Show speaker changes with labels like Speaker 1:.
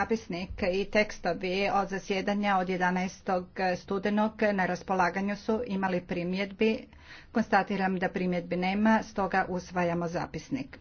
Speaker 1: Zapisnik i tekstovi od zasjedanja od 11. studenog na raspolaganju su imali primjedbi. Konstatiram da primjedbi nema, stoga usvajamo zapisnik.